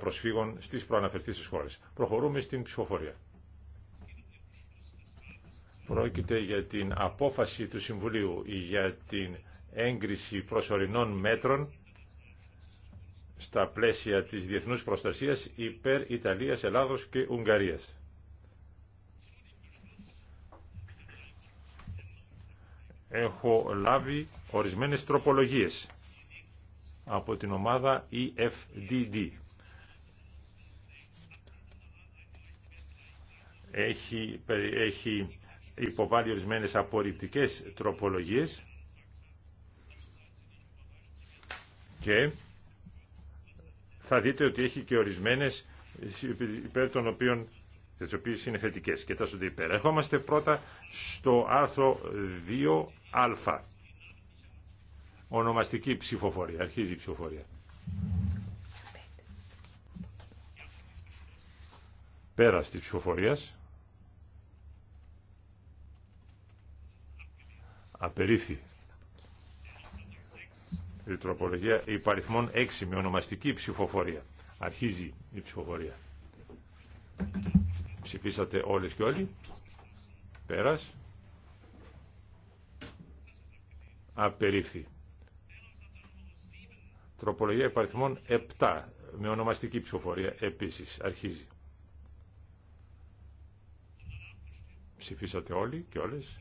προσφύγων στις προαναφερθήσεις χώρες. Προχωρούμε στην ψηφοφορία. Πρόκειται για την απόφαση του Συμβουλίου για την έγκριση προσωρινών μέτρων στα πλαίσια της διεθνούς προστασίας υπέρ Ιταλίας, Ελλάδος και Ουγγαρίας. Έχω λάβει ορισμένες τροπολογίες από την ομάδα EFDD. έχει, έχει υποβάλει ορισμένε απορριπτικέ τροπολογίες και θα δείτε ότι έχει και ορισμένες υπέρ των οποίων τις οποίες είναι θετικές. υπέρ. Ερχόμαστε πρώτα στο άρθρο 2α. Ονομαστική ψηφοφορία. Αρχίζει η ψηφοφορία. Πέρα τη ψηφοφορίας. Απερίφθη. Η τροπολογία υπαριθμών 6 με ονομαστική ψηφοφορία. Αρχίζει η ψηφοφορία. Ψηφίσατε όλες και όλοι. Πέρας. Απερίφθη. Τροπολογία υπαριθμών 7 με ονομαστική ψηφοφορία επίσης αρχίζει. Ψηφίσατε όλοι και όλες.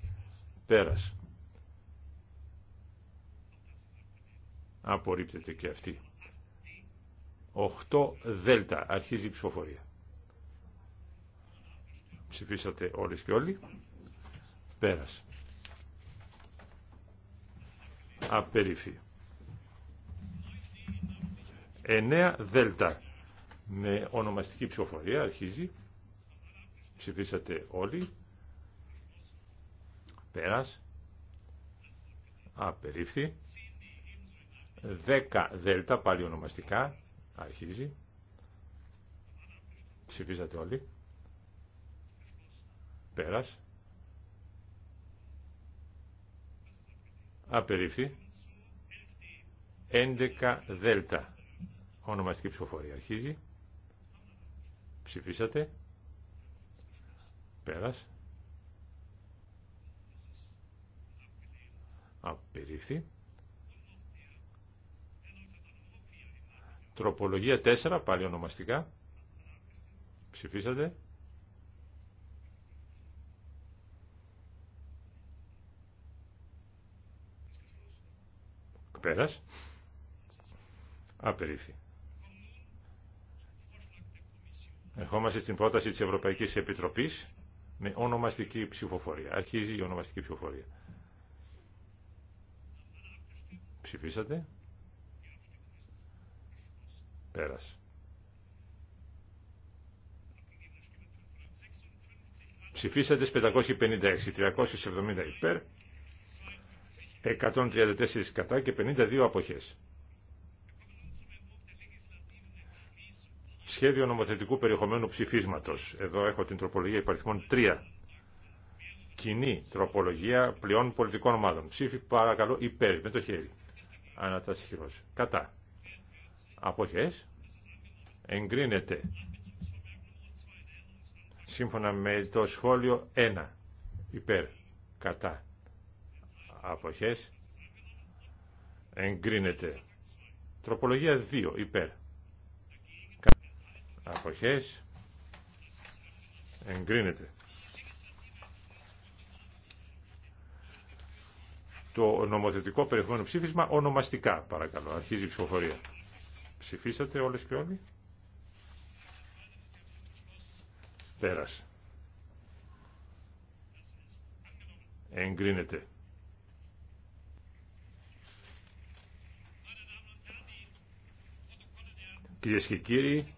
Πέρας. Απορρίπτεται και αυτή. 8 δέλτα. Αρχίζει η ψηφοφορία. Ψηφίσατε όλες και όλοι. Πέρας. Απερίφθη. 9 δέλτα. Με ονομαστική ψηφοφορία αρχίζει. Ψηφίσατε όλοι. Πέρας. Απερίφθη. 10 δέλτα, πάλι ονομαστικά, αρχίζει. Ψηφίζατε όλοι. Πέρας. Απερίφθη. 11 δέλτα. Ονομαστική ψηφοφορία αρχίζει. Ψηφίσατε. Πέρας. Απερίφθη. Τροπολογία 4, πάλι ονομαστικά. Ψηφίσατε. Πέρας. Απερίφθη. Ερχόμαστε στην πρόταση της Ευρωπαϊκής Επιτροπής με ονομαστική ψηφοφορία. Αρχίζει η ονομαστική ψηφοφορία. Ψηφίσατε ψηφίσατε Ψηφίσατε 556, 370 υπέρ, 134 κατά και 52 αποχές. Σχέδιο νομοθετικού περιεχομένου ψηφίσματος. Εδώ έχω την τροπολογία υπαριθμών 3. Κοινή τροπολογία πλειών πολιτικών ομάδων. Ψήφι παρακαλώ υπέρ με το χέρι. Ανατάσχυρος. Κατά. Αποχές. Εγκρίνεται. Σύμφωνα με το σχόλιο 1. Υπέρ. Κατά. Αποχές. Εγκρίνεται. Τροπολογία 2. Υπέρ. Κατά. Αποχές. Εγκρίνεται. το νομοθετικό περιεχόμενο ψήφισμα ονομαστικά, παρακαλώ. Αρχίζει η ψηφοφορία. Ψηφίσατε όλες και όλοι. Πέρασε. Εγκρίνεται. Κυρίες και κύριοι,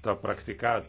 τα πρακτικά